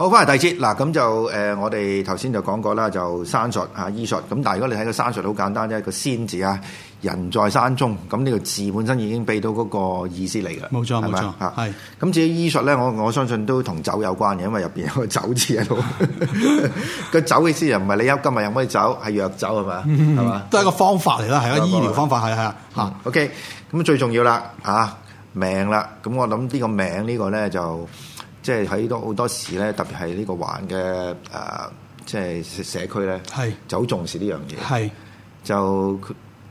好，翻嚟第二節。嗱，咁就誒，我哋頭先就講過啦，就山術嚇醫術。咁但係如果你睇個山術，好簡單啫，個仙字啊，人在山中。咁呢個字本身已經俾到嗰個意思嚟噶。冇錯，冇錯嚇。係咁至於醫術咧，我我相信都同酒有關嘅，因為入邊有個酒字喺度。個酒嘅意思又唔係你飲今日飲咩酒，係藥酒係嘛？係嘛？都係一個方法嚟啦，係啊，醫療方法係啊嚇。OK，咁最重要啦嚇命啦。咁我諗呢個命呢個咧就。即係喺多好多時咧，特別係呢個環嘅誒、啊，即係社區咧，是就好重視呢樣嘢。是就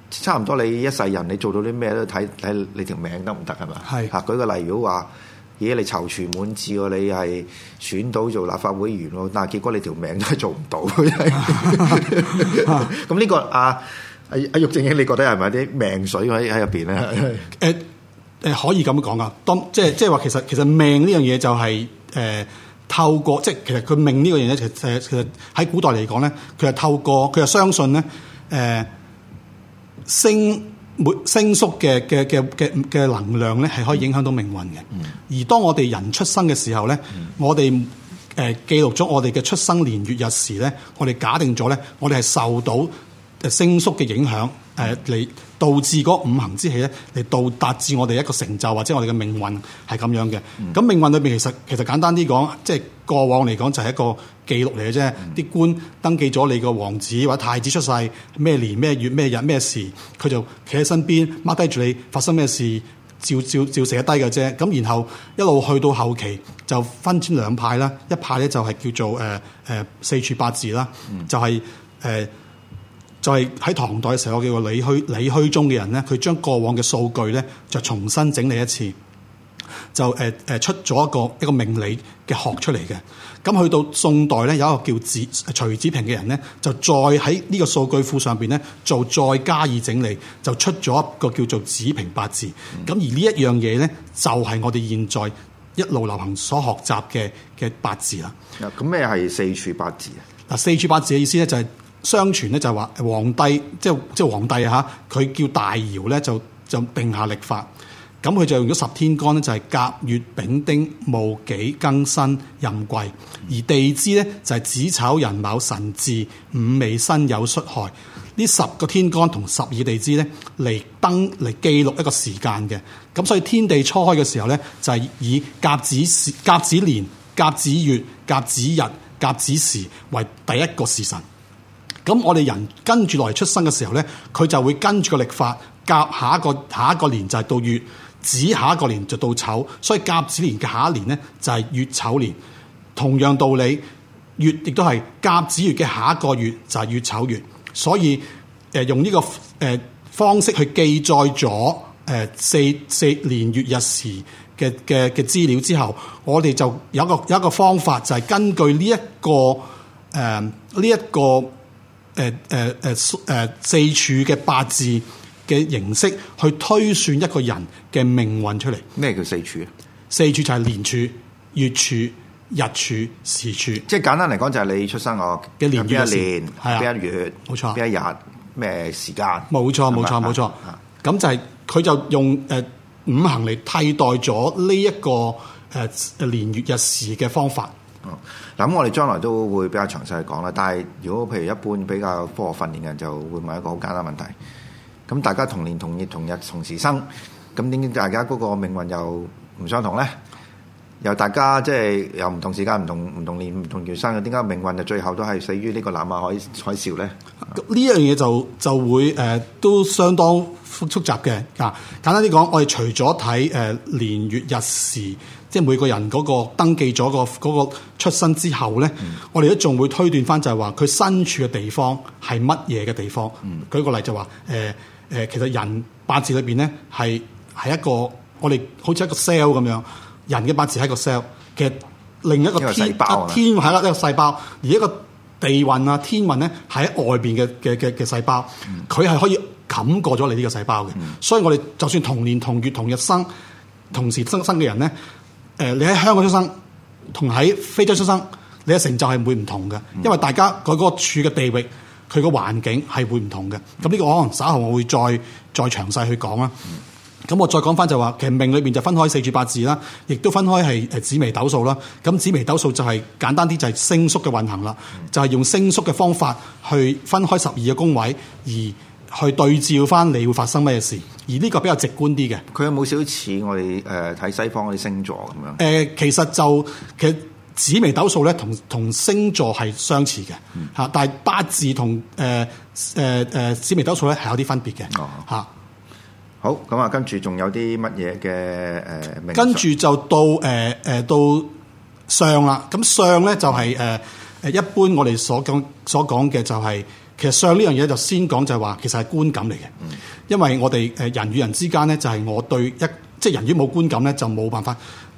差唔多你一世人你做到啲咩都睇睇你條命得唔得係嘛？嚇，是舉個例如說，如果話咦，你躊躇滿志喎，你係選到做立法會議員喎，但、啊、係結果你條命都係做唔到。咁呢個阿阿阿毓証英，你覺得係咪啲命水喺喺入邊咧？ 誒可以咁講啊，當即係即係話，其實其實命呢樣嘢就係、是、誒、呃、透過即係，其實佢命呢個嘢咧，其實其實喺古代嚟講咧，佢係透過佢係相信咧，誒星沒星宿嘅嘅嘅嘅嘅能量咧，係可以影響到命運嘅。而當我哋人出生嘅時候咧，嗯、我哋誒記錄咗我哋嘅出生年月日時咧，我哋假定咗咧，我哋係受到誒星宿嘅影響誒嚟。呃導致嗰五行之氣咧，嚟到達至我哋一個成就或者我哋嘅命運係咁樣嘅。咁、嗯、命運裏面其實其實簡單啲講，即、就、係、是、過往嚟講就係一個記錄嚟嘅啫。啲、嗯、官登記咗你個王子或者太子出世咩年咩月咩日咩時，佢就企喺身邊，mark 低住你發生咩事，照照照寫低嘅啫。咁然後一路去到後期就分咗兩派啦，一派咧就係叫做、呃呃、四柱八字啦，嗯、就係、是、誒。呃就係喺唐代嘅時候，我叫做李虛李虛中嘅人咧，佢將過往嘅數據咧就重新整理一次，就誒誒出咗一個一個命理嘅學出嚟嘅。咁去到宋代咧，有一個叫子徐子平嘅人咧，就再喺呢個數據庫上邊咧做再加以整理，就出咗一個叫做子平八字。咁、嗯、而這事呢一樣嘢咧，就係、是、我哋現在一路流行所學習嘅嘅八字啦。嗱，咁咩係四柱八字啊？嗱，四柱八字嘅意思咧、嗯、就係、是。相傳咧，就係話皇帝，即即皇帝下佢叫大姚咧，就就定下曆法。咁，佢就用咗十天干咧，就係甲、乙、丙、丁、戊、己、庚、辛、壬、癸，而地支咧，就係子、丑、寅、卯、辰、巳、午、未、申、酉、戌、亥。呢十個天干同十二地支咧，嚟登嚟記錄一個時間嘅。咁，所以天地初開嘅時候咧，就係以甲子時、甲子年、甲子月、甲子日、甲子時為第一個時辰。咁我哋人跟住來出生嘅時候呢，佢就會跟住個曆法，甲下一個下一個年就係到乙，子下一個年就到丑，所以甲子年嘅下一年呢，就係、是、乙丑年。同樣道理，月亦都係甲子月嘅下一個月就係、是、乙丑月。所以誒、呃，用呢、這個誒、呃、方式去記載咗誒、呃、四四年月日時嘅嘅嘅資料之後，我哋就有個有一個方法就係、是、根據呢一個誒呢一個。呃誒誒誒誒，四柱嘅八字嘅形式去推算一個人嘅命運出嚟。咩叫四柱啊？四柱就係年柱、月柱、日柱、時柱。即係簡單嚟講，就係你出生嗰年月日時，邊一年，係啊，邊一月，冇錯，邊一日，咩時間？冇錯，冇錯，冇錯。咁就係佢就用誒五行嚟替代咗呢一個誒年月日時嘅方法。嗱咁，嗯、我哋將來都會比較詳細講啦。但係如果譬如一般比較科學訓練嘅人，就會問一個好簡單的問題，咁大家同年同月同日同時生，咁點解大家嗰個命運又唔相同咧？又大家即係有唔同時間，唔同唔同年、唔同月生嘅，點解命運就最後都係死於呢個南亞海海嘯咧？呢樣嘢就就會誒、呃、都相當複雜嘅啊！簡單啲講，我哋除咗睇誒年月日時。即係每個人嗰個登記咗個嗰個出生之後咧，嗯、我哋都仲會推斷翻就係話佢身處嘅地方係乜嘢嘅地方。嗯、舉個例就話、呃呃、其實人八字裏面咧係係一個我哋好似一個 cell 咁樣，人嘅八字係一個 cell。嘅另一個天一個呢、啊、天係啦，一個細胞，而一個地運啊天運咧係喺外面嘅嘅嘅嘅細胞，佢係、嗯、可以冚過咗你呢個細胞嘅。嗯、所以我哋就算同年同月同日生，同時生生嘅人咧。誒，你喺香港出生，同喺非洲出生，你嘅成就係會唔同嘅，因為大家佢嗰個處嘅地域，佢個環境係會唔同嘅。咁呢個我可能稍後我會再再詳細去講啦。咁我再講翻就話，其實命裏面就分開四柱八字啦，亦都分開係誒紫微斗數啦。咁紫微斗數就係、是、簡單啲就係星宿嘅運行啦，就係、是、用星宿嘅方法去分開十二個宮位而，去對照翻，你會發生乜嘢事？而呢個比較直觀啲嘅，佢有冇少似我哋誒睇西方嗰啲星座咁樣？誒、呃，其實就嘅紫微斗數咧，同同星座係相似嘅嚇，嗯、但係八字同誒誒誒紫微斗數咧係有啲分別嘅嚇。哦啊、好，咁啊，呃、跟住仲有啲乜嘢嘅誒？跟住就到誒誒、呃、到相啦。咁相咧就係誒誒一般我哋所講所講嘅就係、是。其實相呢樣嘢就先講就係話，其實係觀感嚟嘅，嗯、因為我哋誒人與人之間咧，就係我對一即係、就是、人與冇觀感咧，就冇辦法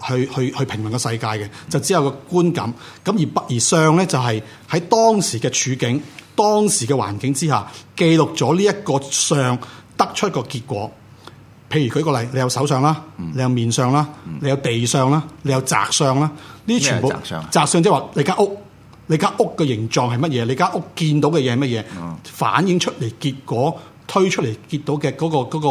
去去去評論個世界嘅，就只有個觀感。咁而不而相咧，就係喺當時嘅處境、當時嘅環境之下，記錄咗呢一個相得出個結果。譬如舉個例，你有手相啦，嗯、你有面相啦，嗯、你有地相啦，你有宅相啦，呢啲全部宅相，宅相即係話你間屋。你間屋嘅形狀係乜嘢？你間屋見到嘅嘢係乜嘢？嗯、反映出嚟結果推出嚟見到嘅嗰、嗰個嗰、嗰個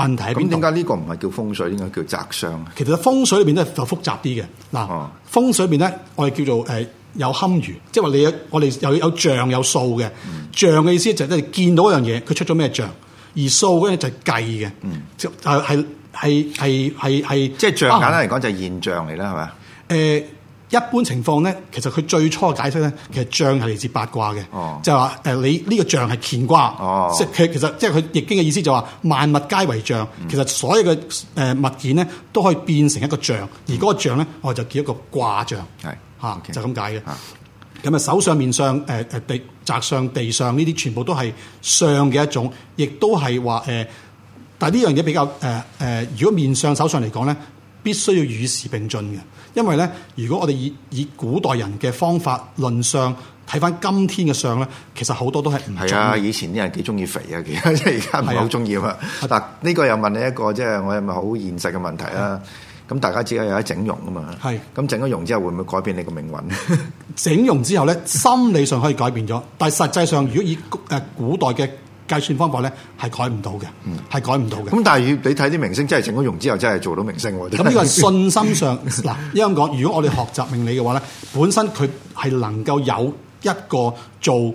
問題。咁點解呢個唔係叫風水，應該叫宅相？啊？其實風水裏邊咧就複雜啲嘅。嗱、嗯，風水裏邊咧我哋叫做誒、呃、有堪輿即係話你我哋有有，有象有數嘅。嗯、象嘅意思就係你見到一樣嘢，佢出咗咩象，而數咧就係計嘅。就係係係係係係，即係象簡單嚟講就係現象嚟啦，係咪、嗯？誒吧。呃一般情況咧，其實佢最初嘅解釋咧，其實象係嚟自八卦嘅，oh. 就係話誒你呢個象係乾卦，即係、oh. 其實即係佢易經嘅意思就話萬物皆為象，mm. 其實所有嘅誒物件咧都可以變成一個象，mm. 而嗰個象咧，我就叫一個卦象，嚇、mm. 就咁解嘅。咁啊，手相面相誒誒地宅上地上呢啲全部都係相嘅一種，亦都係話誒，但係呢樣嘢比較誒誒、呃呃，如果面相手相嚟講咧。必須要與時並進嘅，因為咧，如果我哋以以古代人嘅方法論相睇返今天嘅相咧，其實好多都係唔係啊！以前啲人幾中意肥啊，其實即係而家唔係好中意啊。嗱、啊，呢、這個又問你一個即係、就是、我係咪好現實嘅問題啦、啊？咁、啊、大家只係有得整容啊嘛，係、啊。咁整咗容之後會唔會改變你嘅命運？ 整容之後咧，心理上可以改變咗，但係實際上如果以誒古代嘅。計算方法咧係改唔到嘅，係、嗯、改唔到嘅。咁但係你睇啲明星真係整咗容之後，真係做到明星。咁呢個係信心上嗱，因為咁講如果我哋學習命理嘅話咧，本身佢係能夠有一個做誒誒、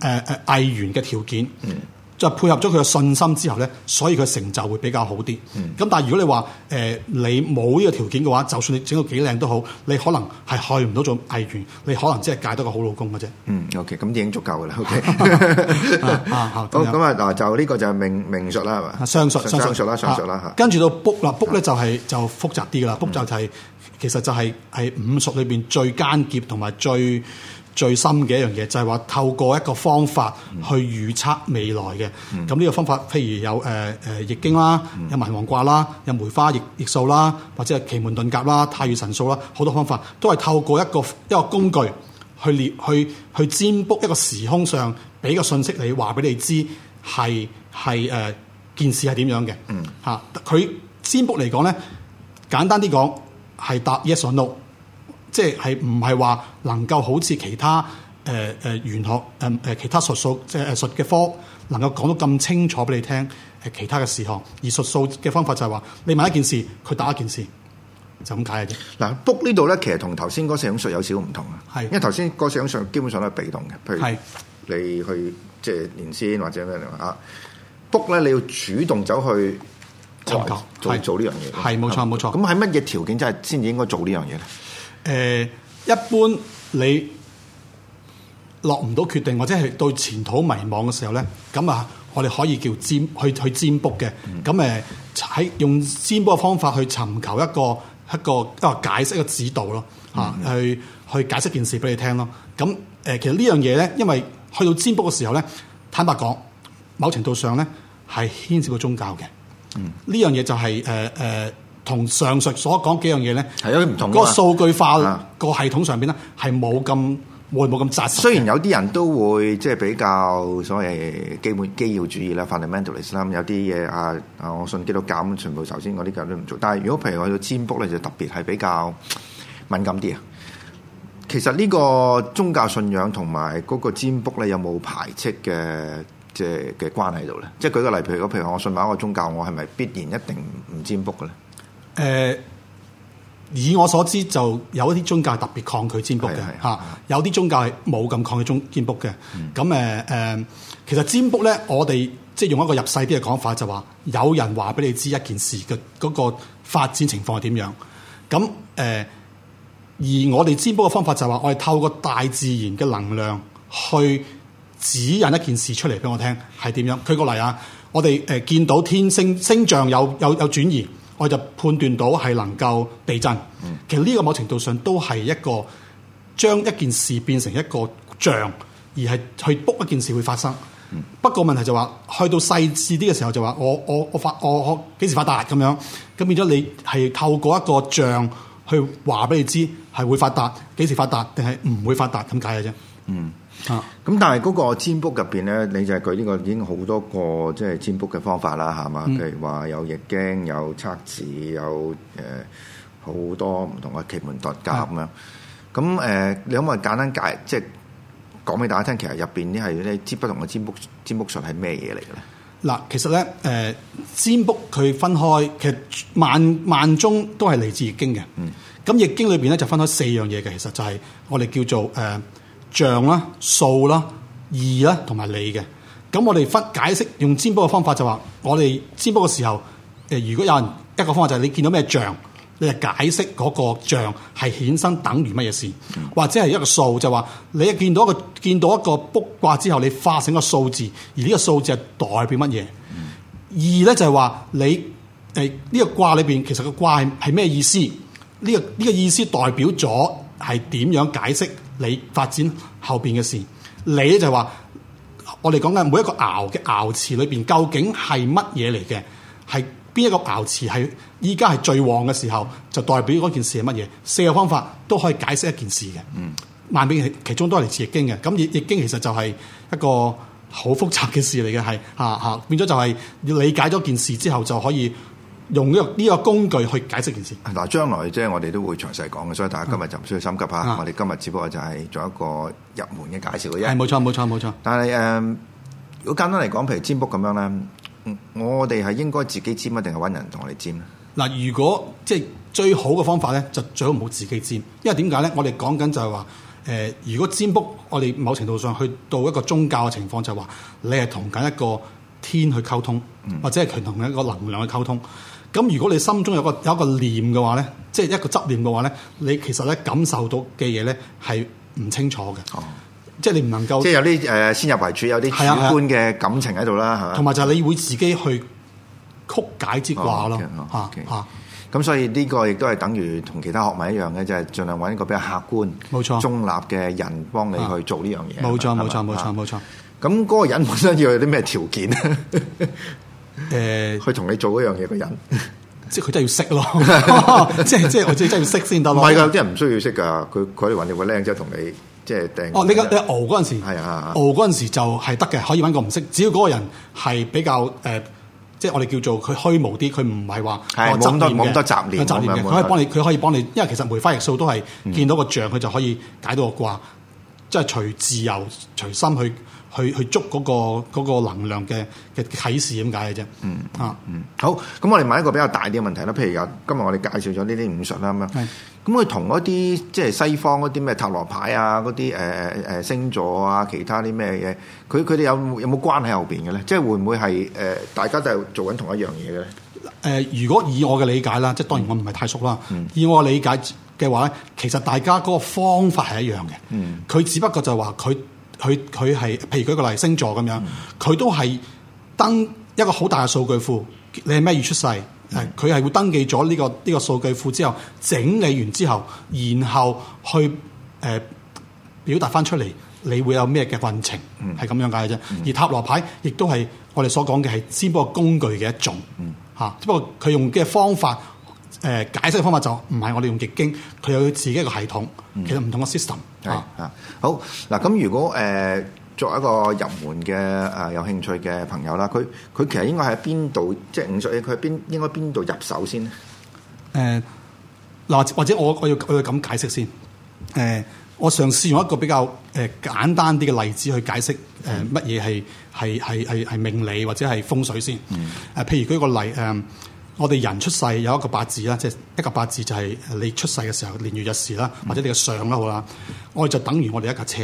呃呃、藝員嘅條件。嗯就配合咗佢嘅信心之後咧，所以佢成就會比較好啲。咁但係如果你話誒你冇呢個條件嘅話，就算你整到幾靚都好，你可能係去唔到做藝員，你可能只係嫁得個好老公嘅啫。嗯，OK，咁已經足夠噶啦。OK，好咁啊嗱，就呢個就命命術啦，係嘛？相術，相術啦，相術啦，吓。跟住到卜啦卜咧，就係就複雜啲噶啦。卜就係其實就係係五術裏邊最艱澀同埋最。最深嘅一樣嘢，就係、是、話透過一個方法去預測未來嘅，咁呢、嗯、個方法，譬如有誒誒易經啦，嗯、有文王卦啦，有梅花易易數啦，或者係奇門遁甲啦、太乙神數啦，好多方法都係透過一個一個工具去列去去，去占卜一個時空上俾個信息你，話俾你知係係誒件事係點樣嘅，嗯吓，佢占卜嚟講咧，簡單啲講係答 yes or no。即係唔係話能夠好似其他誒誒玄學誒誒、呃、其他術數即係術嘅科能夠講到咁清楚俾你聽誒其他嘅事項，而術數嘅方法就係話你問一件事，佢打一件事，就咁解嘅啫。嗱 book 呢度咧，呃、其實同頭先嗰四種術有少少唔同啊。係是因為頭先嗰四種術基本上都係被動嘅，譬如你去是即係練先或者咩嘅話 book 咧，你要主動走去尋求去求求做呢是樣嘢。係冇錯冇錯。咁喺乜嘢條件真係先至應該做這樣呢樣嘢咧？誒、呃、一般你落唔到決定，或者係對前途迷茫嘅時候咧，咁啊，我哋可以叫占去去占卜嘅。咁誒喺用占卜嘅方法去尋求一個一個解釋嘅指導咯，嚇、嗯、去去解釋件事俾你聽咯。咁誒其實呢樣嘢咧，因為去到占卜嘅時候咧，坦白講，某程度上咧係牽涉到宗教嘅。嗯這、就係，呢樣嘢就係誒誒。呃同上述所講幾樣嘢咧，係有啲唔同，個數據化個系統上邊咧，係冇咁會冇咁扎實。雖然有啲人都會即係比較所謂基本基要主義啦，fundamentalist 啦，Fund ist, 有啲嘢啊，我信基督教全部頭先嗰啲教都唔做。但係如果譬如我要占卜咧，就特別係比較敏感啲啊。其實呢個宗教信仰同埋嗰個占卜咧，有冇排斥嘅即係嘅關係度咧？即係舉個例，譬如講，譬如我信某一個宗教，我係咪必然一定唔占卜嘅咧？誒、呃，以我所知就有一啲宗教係特別抗拒占卜嘅嚇，有啲宗教係冇咁抗拒中占卜嘅。咁、嗯呃呃、其實占卜咧，我哋即係用一個入世啲嘅講法就話，有人話俾你知一件事嘅嗰、嗰個發展情況係點樣。咁、呃、而我哋占卜嘅方法就係、係、話，我哋透過大自然嘅能量去指引一件事出嚟俾我聽係點樣。舉個例啊，我哋誒見到天星星象有有有轉移。佢就判斷到係能夠地震，其實呢個某程度上都係一個將一件事變成一個象，而係去 book 一件事會發生。不過問題就話去到細緻啲嘅時候就說，就話我我我發我我幾時發達咁樣，咁變咗你係透過一個象去話俾你知係會發達幾時發達，定係唔會發達咁解嘅啫。嗯。咁、啊、但係嗰個占卜入邊咧，你就係佢呢個已經好多個即係占卜嘅方法啦，係嘛？嗯、譬如話有易經，有測字，有誒好、呃、多唔同嘅奇門遁甲咁樣。咁誒是的、呃，你可唔可以簡單解即係講俾大家聽？其實入邊啲係咧，啲不同嘅占卜占卜術係咩嘢嚟嘅咧？嗱，其實咧，誒占卜佢分開，其實萬萬宗都係嚟自易經嘅。嗯。咁易經裏邊咧就分開四樣嘢嘅，其實就係我哋叫做誒。呃象啦、數啦、二啦同埋你嘅，咁我哋分解釋用占卜嘅方法就話，我哋占卜嘅時候，誒、呃、如果有人一個方法就係你見到咩象，你就解釋嗰個象係衍生等於乜嘢事，或者係一個數就話你見到一個見到一個卜卦之後，你化成個數字，而呢個數字係代表乜嘢？二咧就係、是、話你誒呢、呃這個卦裏邊其實個卦係咩意思？呢、這個呢、這個意思代表咗係點樣解釋？你發展後邊嘅事，你咧就話我哋講緊嘅每一個爻嘅爻辭裏邊，究竟係乜嘢嚟嘅？係邊一個爻辭係依家係最旺嘅時候，就代表嗰件事係乜嘢？四個方法都可以解釋一件事嘅。嗯，萬變其中都係嚟自易經嘅。咁易易經其實就係一個好複雜嘅事嚟嘅，係嚇嚇變咗就係要理解咗件事之後就可以。用呢個呢個工具去解釋件事。嗱、啊，將來即係我哋都會詳細講嘅，所以大家今日就唔需要心急嚇。嗯、我哋今日只不過就係做一個入門嘅介紹嘅啫。係冇錯，冇錯，冇錯。但係誒、呃，如果簡單嚟講，譬如占卜咁樣咧，我哋係應該自己占，是占，定係揾人同我哋占咧？嗱，如果即係、就是、最好嘅方法咧，就最好唔好自己占，因為點解咧？我哋講緊就係話，誒、呃，如果占卜，我哋某程度上去到一個宗教嘅情況就是，就係話你係同緊一個天去溝通，嗯、或者係同一個能量去溝通。咁如果你心中有個有一個念嘅話咧，即係一個執念嘅話咧，你其實咧感受到嘅嘢咧係唔清楚嘅。哦，即係你唔能夠即係有啲誒先入為主，有啲主觀嘅感情喺度啦，係嘛？同埋就係你會自己去曲解之卦咯，嚇嚇。咁所以呢個亦都係等於同其他學問一樣嘅，就係盡量揾一個比較客觀、冇錯、中立嘅人幫你去做呢樣嘢。冇錯，冇錯，冇錯，冇錯。咁嗰個人本身要有啲咩條件咧？誒，去同你做嗰樣嘢嘅人，即係佢真係要識咯 即，即係即係，我即係真係要識先得咯。唔係噶，有啲人唔需要識噶，佢佢嚟揾你個靚仔同你即係訂。哦，你你牛嗰陣時係啊，嗰陣時就係得嘅，可以揾個唔識，只要嗰個人係比較誒、呃，即係我哋叫做佢虛無啲，佢唔係話我冇得咁多雜念雜念嘅，佢可以幫你，佢可以幫你，因為其實梅花易數都係見到個象，佢就可以解到個卦，嗯、即係隨自由隨心去。去去捉嗰個嗰個能量嘅嘅啟示點解嘅啫？嗯啊嗯，好咁，我哋問一個比較大啲嘅問題啦。譬如有今日我哋介紹咗呢啲五術啦，咁咁佢同嗰啲即係西方嗰啲咩塔羅牌啊、嗰啲、呃、星座啊、其他啲咩嘢，佢佢哋有有冇關喺後邊嘅咧？即係會唔會係、呃、大家都係做緊同一樣嘢咧？呢、呃？如果以我嘅理解啦，即係當然我唔係太熟啦。嗯、以我理解嘅話咧，其實大家嗰個方法係一樣嘅。佢、嗯、只不過就係話佢。佢佢係，譬如舉個例，星座咁樣，佢、嗯、都係登一個好大嘅數據庫，你係咩月出世，佢係、嗯、會登記咗呢、呢個呢、呢個數據庫之後，整理完之後，然後去誒、呃、表達翻出嚟，你會有咩嘅運程，係咁、嗯、樣解嘅啫。嗯、而塔羅牌亦都係我哋所講嘅係只不過工具嘅一種吓，只不過佢用嘅方法。誒解釋嘅方法就唔係我哋用易經，佢有自己一個系統，其實唔同嘅 system。係啊、嗯，是好嗱，咁如果誒、呃、作為一個入門嘅誒、呃、有興趣嘅朋友啦，佢佢其實應該喺邊度？即係五術，佢喺邊應該邊度入手先咧？誒嗱、呃，或者我我要我要咁解釋先。誒、呃，我嘗試用一個比較誒簡單啲嘅例子去解釋誒乜嘢係係係係命理或者係風水先。誒、嗯呃，譬如舉個例誒。呃我哋人出世有一個八字啦，即、就、係、是、一嚿八字就係你出世嘅時候年月日時啦，或者你嘅相啦好啦。我哋就等於我哋一架車。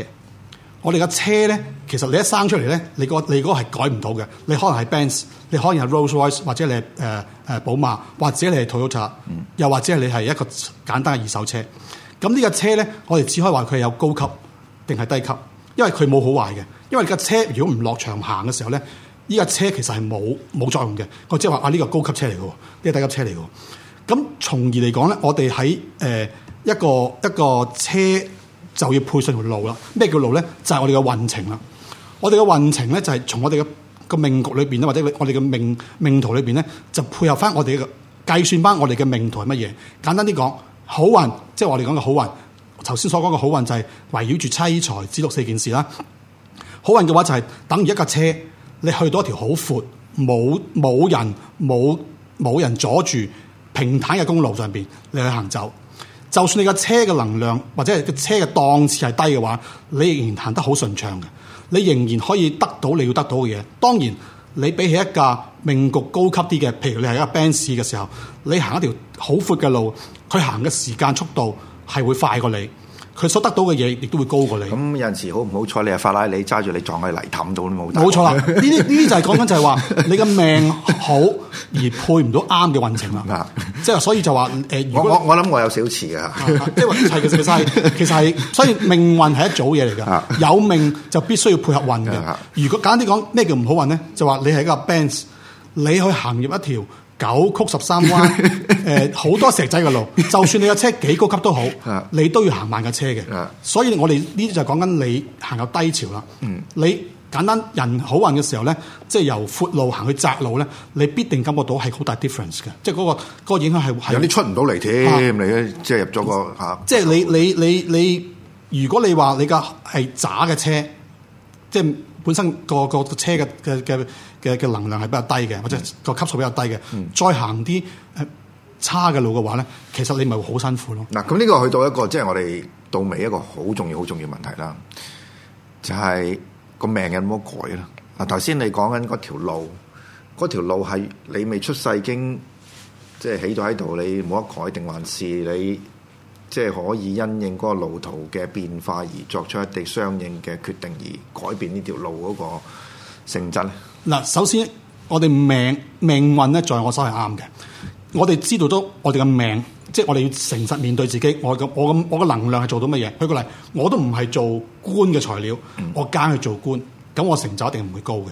我哋架車咧，其實你一生出嚟咧，你、那個你嗰個係改唔到嘅。你可能係 b a n s 你可能係 Rolls r o e 或者你係誒誒寶馬，或者你係土肉擦，又或者你係一個簡單嘅二手車。咁呢架車咧，我哋只可以話佢係有高級定係低級，因為佢冇好壞嘅。因為架車如果唔落場行嘅時候咧。呢架車其實係冇冇作用嘅，我即係話啊，呢、這個高級車嚟嘅，呢、這個低級車嚟嘅。咁從而嚟講咧，我哋喺誒一個一個車就要配上條路啦。咩叫路咧？就係、是、我哋嘅運程啦。我哋嘅運程咧，就係、是、從我哋嘅個命局裏邊咧，或者我哋嘅命命途裏邊咧，就配合翻我哋嘅計算翻我哋嘅命途係乜嘢。簡單啲講，好運即係我哋講嘅好運。頭先所講嘅好運就係圍繞住妻財子祿四件事啦。好運嘅話就係等於一架車。你去到一條好闊，冇冇人、冇冇人阻住平坦嘅公路上邊你去行走。就算你架車嘅能量或者係個車嘅檔次係低嘅話，你仍然行得好順暢嘅，你仍然可以得到你要得到嘅嘢。當然，你比起一架命局高級啲嘅，譬如你係一架 Benz 嘅時候，你行一條好闊嘅路，佢行嘅時間速度係會快過你。佢所得到嘅嘢，亦都會高過你、嗯。咁有陣時好唔好彩？你係法拉利揸住，你撞去泥凼度都冇。冇錯啦，呢啲呢啲就係講緊就係話 你嘅命好 而配唔到啱嘅運程啦。即係 所以就話如果我……我我諗我有少次㗎，即係一切嘅其實係所以命運係一組嘢嚟㗎， 有命就必須要配合運嘅。如果簡單啲講，咩叫唔好運咧？就話你係一個 Benz 你去行入一條九曲十三彎，誒好、 呃、多石仔嘅路， 就算你架車幾高級都好，啊、你都要行慢架車嘅。啊、所以我哋，我哋呢啲就講緊你行入低潮啦。嗯、你簡單人好運嘅時候咧，即係由闊路行去窄路咧，你必定感覺到係好大 difference 嘅，即係嗰、嗰個嗰、嗰個影響係。有啲出唔到嚟添，你即係入咗個嚇。即係你你你你，如果你話你架係渣嘅車，即係本身、嗰個個、嗰個車嘅嘅嘅。嗰個嗰個嘅嘅能量係比較低嘅，或者個級數比較低嘅，嗯、再行啲差嘅路嘅話咧，其實你咪會好辛苦咯。嗱，咁呢個去到一個即係、就是、我哋到尾一個好重要、好重要的問題啦，就係、是、個命有冇改啦？嗱，頭先你講緊嗰條路，嗰條路係你未出世已經即係、就是、起咗喺度，你冇得改，定還是你即係、就是、可以因應嗰個路途嘅變化而作出一啲相應嘅決定，而改變呢條路嗰個性質咧？嗱，首先我哋命命運咧在我手係啱嘅。我哋知道咗我哋嘅命，即係我哋要誠實面對自己。我我咁我嘅能量係做到乜嘢？舉個例，我都唔係做官嘅材料，我揀去做官，咁我成就一定唔會高嘅。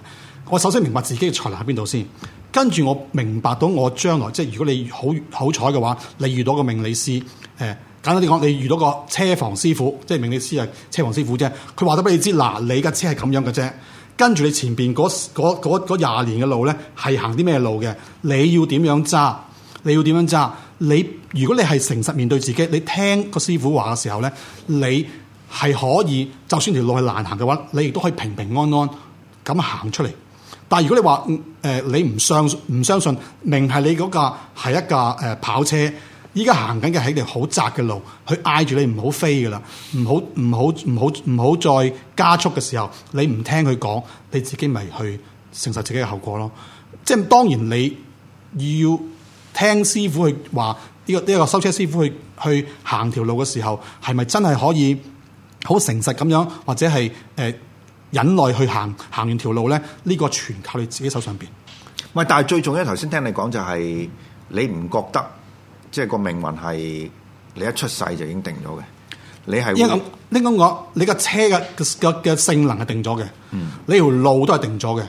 我首先明白自己嘅才能喺邊度先，跟住我明白到我將來，即係如果你好好彩嘅話，你遇到個命理師，誒簡單啲講，你遇到個車房師傅，即係命理師係車房師傅啫。佢話得俾你知，嗱，你架車係咁樣嘅啫。跟住你前邊嗰嗰嗰嗰廿年嘅路呢，係行啲咩路嘅？你要點樣揸？你要點樣揸？你如果你係誠實面對自己，你聽個師傅話嘅時候呢，你係可以，就算條路係難行嘅話，你亦都可以平平安安咁行出嚟。但如果你話誒、呃、你唔相唔相信，明係你嗰架係一架、呃、跑車。依家行緊嘅係條好窄嘅路，佢嗌住你唔好飛噶啦，唔好唔好唔好唔好再加速嘅時候，你唔聽佢講，你自己咪去承受自己嘅後果咯。即係當然你要聽師傅去話，呢個呢個收車師傅去去行條路嘅時候，係咪真係可以好誠實咁樣，或者係誒、呃、忍耐去行行完條路咧？呢個全靠你自己手上邊。唔但係最重要頭先聽你講就係你唔覺得。即係個命運係你一出世就已經定咗嘅，你係。呢個呢我你個車嘅嘅嘅性能係定咗嘅，嗯、你條路都係定咗嘅，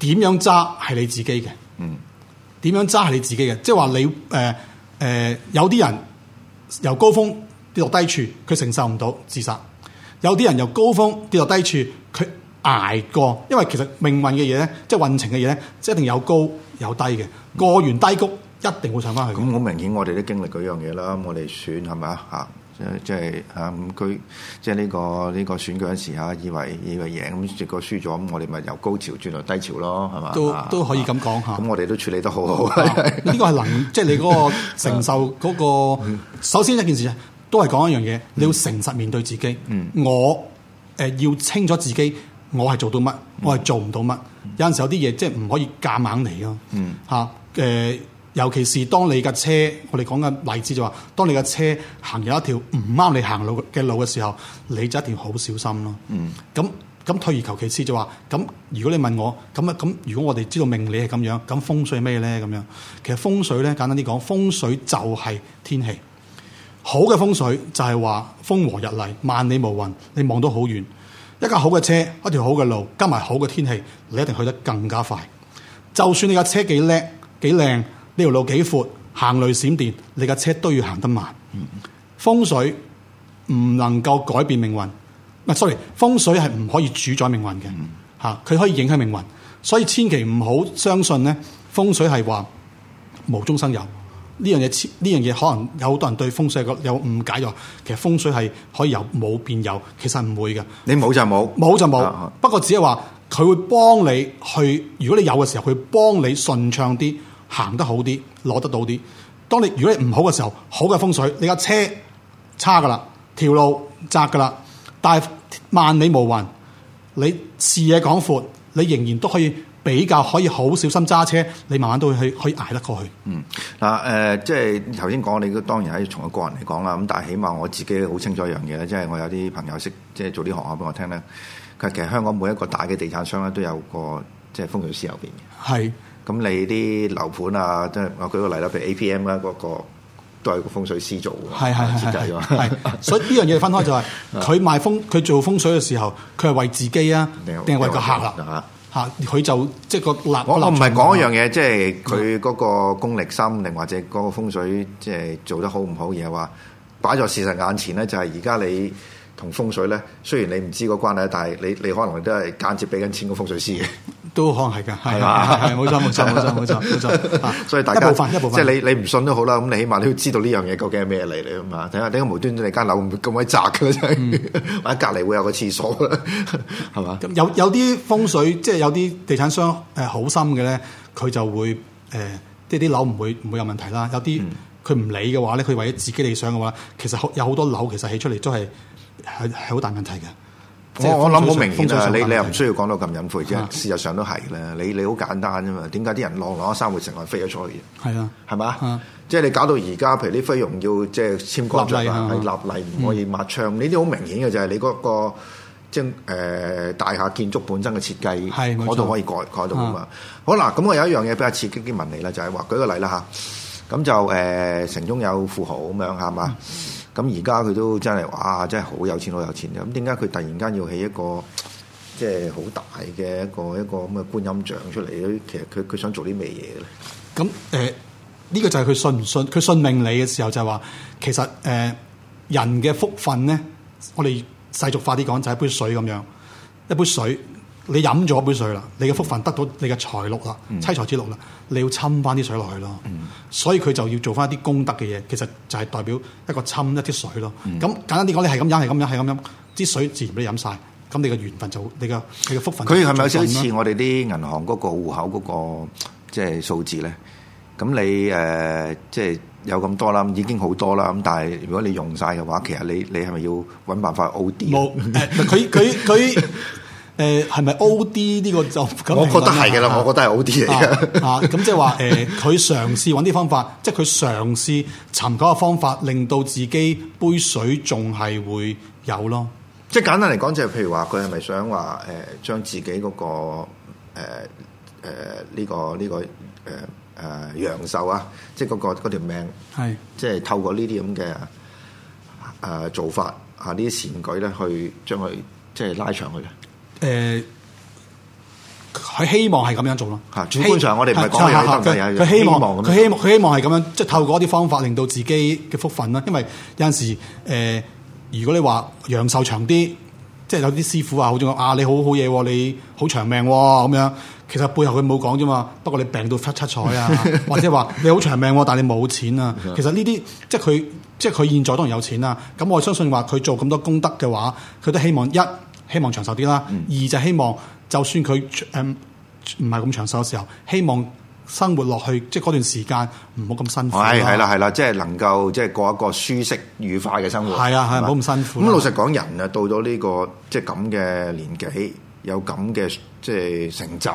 點樣揸係你自己嘅，嗯、點樣揸係你自己嘅，即係話你誒誒、呃呃、有啲人由高峰跌落低處佢承受唔到自殺，有啲人由高峰跌落低處佢挨過，因為其實命運嘅嘢咧，即係運程嘅嘢咧，即係一定有高有低嘅，過完低谷。一定會上翻去。咁好明顯，我哋都經歷嗰樣嘢啦。我哋選係咪啊？嚇！即係嚇咁佢，即係呢個呢個選舉嗰時嚇，以為以為贏，咁結果輸咗，咁我哋咪由高潮轉落低潮咯，係嘛？都都可以咁講嚇。咁我哋都處理得好好。呢個係能，即係你嗰個承受嗰個。首先一件事啊，都係講一樣嘢，你要誠實面對自己。我誒要清楚自己，我係做到乜，我係做唔到乜。有陣時有啲嘢即係唔可以夾硬嚟咯。嚇誒！尤其是當你嘅車，我哋講緊例子就話，當你嘅車行有一條唔啱你行的路嘅路嘅時候，你就一定要好小心咯、啊。咁咁、嗯、退而求其次就話，咁如果你問我，咁啊咁，如果我哋知道命理係咁樣，咁風水咩呢？咁樣其實風水呢，簡單啲講，風水就係天氣。好嘅風水就係話風和日麗、萬里無雲，你望到好遠。一架好嘅車、一條好嘅路、加埋好嘅天氣，你一定去得更加快。就算你架車幾叻幾靚。呢條路幾闊，行雷閃電，你架車都要行得慢。嗯、風水唔能夠改變命運，唔係 sorry，風水係唔可以主宰命運嘅，吓佢、嗯、可以影響命運，所以千祈唔好相信咧。風水係話無中生有呢樣嘢，呢樣嘢可能有好多人對風水有誤解咗。其實風水係可以由冇變有，其實唔會嘅，你冇就冇，冇就冇。嗯、不過只係話佢會幫你去，如果你有嘅時候，佢會幫你順暢啲。行得好啲，攞得到啲。當你如果唔好嘅時候，好嘅風水，你架車差噶啦，條路窄噶啦，但係萬里無雲，你視野廣闊，你仍然都可以比較可以好小心揸車，你慢慢都會去可，可以捱得過去。嗯，嗱、呃、即係頭先講你當然係從一個人嚟講啦，咁但係起碼我自己好清楚一樣嘢咧，即係我有啲朋友識即係做啲行下俾我聽咧，佢其實香港每一個大嘅地產商咧都有個即係風水師入面嘅。係。咁你啲樓盤啊，即係我舉個例啦，譬如 APM 啦、那個，嗰個都係個風水師做嘅，係係係，所以呢樣嘢分開就係、是、佢賣風，佢做風水嘅時候，佢係為自己啊，定係為個客為啊？嚇，佢就即係個立我唔係講一樣嘢，即係佢嗰個功力深，定或者嗰個風水即係做得好唔好，而係話擺在事實眼前咧，就係而家你同風水咧，雖然你唔知個關係，但係你你可能都係間接俾緊錢個風水師嘅。 都可能係噶，係啊，係冇錯冇錯冇錯冇錯，所以大家一部分，即係你你唔信都好啦，咁你起碼都要知道呢樣嘢究竟係咩嚟嚟啊嘛？睇下點解無端端你間樓咁鬼窄嘅，或者隔離會有個廁所啦，係嘛？有有啲風水即係有啲地產商係好心嘅咧，佢就會誒，即係啲樓唔會唔會有問題啦。有啲佢唔理嘅話咧，佢為咗自己理想嘅話，其實好有好多樓其實起出嚟都係係係好大問題嘅。我我諗好明顯啊！你你又唔需要講到咁隱晦，即係的事實上都係呢，你你好簡單啫嘛？點解啲人晾晾衫會成塊飛咗出去？係啊，係嘛？即係你搞到而家，譬如啲菲傭要即係簽光著係立例唔、啊、可以抹窗，呢啲好明顯嘅就係、是、你嗰、那個即係、就是呃、大廈建築本身嘅設計，嗰度可以改改到噶嘛。的好啦咁我有一樣嘢比較刺激啲問你啦，就係、是、話舉個例啦吓，咁就誒、呃、城中有富豪咁樣係嘛？咁而家佢都真係哇，真係好有錢好有錢嘅。咁點解佢突然間要起一個即係好大嘅一個一個咁嘅觀音像出嚟咧？其實佢佢想做啲咩嘢咧？咁誒呢個就係佢信唔信？佢信命理嘅時候就係話，其實誒、呃、人嘅福分咧，我哋世俗化啲講就係、是、一杯水咁樣一杯水。你飲咗杯水啦，你嘅福份得到你嘅財禄啦，妻財之禄啦，你要侵翻啲水落去咯，所以佢就要做翻一啲功德嘅嘢，其實就係代表一個侵一啲水咯。咁簡單啲講，你係咁飲，係咁飲，係咁飲，啲水自然俾你飲曬，咁你嘅緣份就你嘅你嘅福份。佢係咪有似我哋啲銀行嗰個戶口嗰個即係數字咧？咁你誒即係有咁多啦，已經好多啦。咁但係如果你用曬嘅話，其實你你係咪要揾辦法 out 啲？冇，佢佢佢。誒係咪 O D 呢個就？我覺得係嘅啦，啊、我覺得係 O D 嚟嘅。啊，咁、啊、即係話誒，佢、呃、嘗試揾啲方法， 即係佢嘗試尋找嘅方法，令到自己杯水仲係會有咯。即係簡單嚟講，就係譬如話，佢係咪想話誒將自己嗰、那個誒呢、呃呃這個呢個誒誒陽壽啊？即係、那、嗰個條命，係是即係透過呢啲咁嘅誒做法啊，前呢啲善舉咧，去將佢即係拉長佢嘅。誒，佢、呃、希望係咁樣做咯。嚇、啊，主觀上西我哋唔係講佢希望佢希望佢希望係咁樣，即係透過一啲方法令到自己嘅福分啦。因為有陣時，誒、呃，如果你話揚壽長啲，即係有啲師傅啊，好中意啊，你好好嘢，你好長命咁、哦、樣。其實背後佢冇講啫嘛。不過你病到七七彩啊， 或者話你好長命、哦，但你冇錢啊。其實呢啲即係佢即係佢現在當然有錢啦。咁我相信話佢做咁多功德嘅話，佢都希望一。希望長壽啲啦，二、嗯、就希望就算佢唔係咁長壽嘅時候，希望生活落去，即係嗰段時間唔好咁辛苦。係係啦係啦，哎、係係即係能夠即係過一個舒適愉快嘅生活。係啊係，唔好咁辛苦。咁老實講，人啊到咗呢、呢個即係咁嘅年紀，有咁嘅即係成就，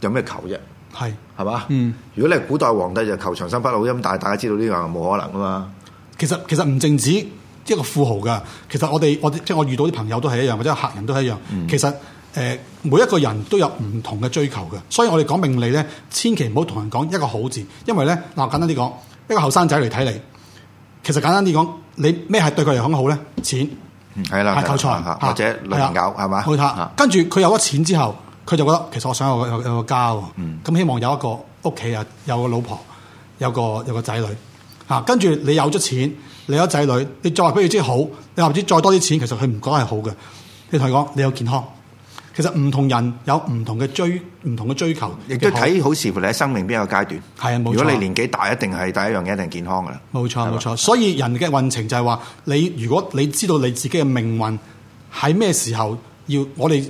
有咩求啫？係係嘛？嗯，如果你係古代皇帝就求長生不老，咁但係大家知道呢樣冇可能噶嘛。其實其實唔淨止。一個富豪嘅，其實我哋我即係我遇到啲朋友都係一樣，或者客人都係一樣。嗯、其實誒、呃，每一個人都有唔同嘅追求嘅，所以我哋講命理咧，千祈唔好同人講一個好字，因為咧嗱簡單啲講，一個後生仔嚟睇你，其實簡單啲講，你咩係對佢嚟講好咧？錢，係啦、嗯，球、嗯、賽、嗯啊、或者女朋友係嘛？跟住佢有咗錢之後，佢就覺得其實我想有有個家喎、哦，咁、嗯、希望有一個屋企啊，有個老婆，有個有個仔女嚇。跟、啊、住你有咗錢。你有仔女，你再話俾佢知好，你話知再多啲錢，其實佢唔覺得係好嘅。你同佢講，你有健康，其實唔同人有唔同嘅追唔同嘅追求，亦都睇好視乎你喺生命邊一個階段。係啊，冇錯。如果你年紀大，一定係第一樣嘢一定係健康噶啦。冇錯冇錯，所以人嘅運程就係話你，如果你知道你自己嘅命運喺咩時候要，我哋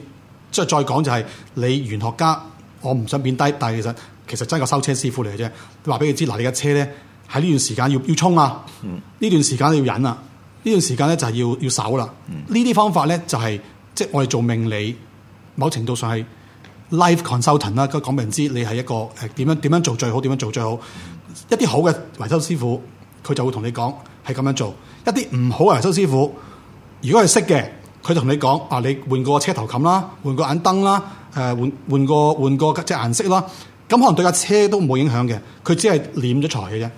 即係再講就係、是、你玄學家，我唔想變低，但係其實其實真係個收車師傅嚟嘅啫。話俾佢知嗱，你架車咧。喺呢段時間要要衝啊！呢、嗯、段時間要忍啊！呢段時間咧就係要要守啦、啊。呢啲、嗯、方法咧就係即係我哋做命理，某程度上係 life consultant 啦。佢講俾人知你係一個誒點、呃、樣點樣做最好，點樣做最好。一啲好嘅維修師傅，佢就會同你講係咁樣做；一啲唔好嘅維修師傅，如果係識嘅，佢就同你講啊，你換個車頭冚啦，換個眼燈啦，誒換換個換個即係顏色啦。咁可能對架車都冇影響嘅，佢只係斂咗財嘅啫。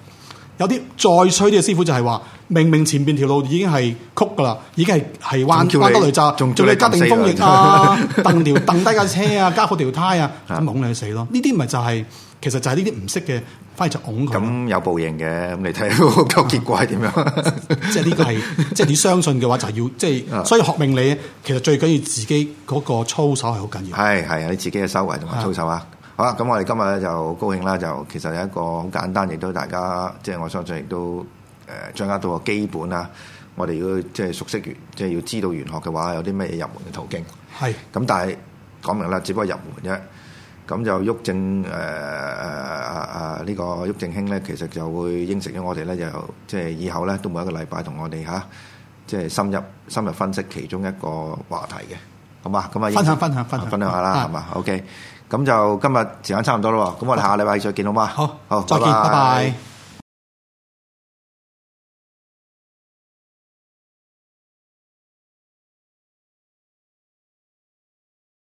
有啲再衰啲嘅師傅就係話，明明前邊條路已經係曲噶啦，已經係係彎彎多雷咋，仲要加定風力啊，蹬條蹬低架車啊，加好條胎啊，咁㧬 你去死咯！呢啲咪就係、是，其實就係呢啲唔識嘅，反去就㧬佢。咁、嗯、有報應嘅，咁你睇下，個結果係點樣？即係呢個係，即係你相信嘅話就係要，即係、啊、所以學命理其實最緊要自己嗰個操守係好緊要。係係啊，你自己嘅修為同埋操守啊。好啦，咁我哋今日咧就高興啦，就其實有一個好簡單，亦都大家即係我相信，亦都誒掌握到個基本啊。我哋要即係熟悉完，即係要知道玄學嘅話，有啲咩嘢入門嘅途徑？係是。咁但係講明啦，只不過入門啫。咁就毓証誒誒誒呢個毓証兄咧，其實就會應承咗我哋咧，就即係以後咧都每一個禮拜同我哋吓、啊，即係深入深入分析其中一個話題嘅。好嘛，咁啊，分享分享分享，分享，分享下啦，係嘛的的？OK。咁就今日時間差唔多喇喎。咁我哋下禮拜再見，好嗎？好，好，再見，拜拜。拜拜。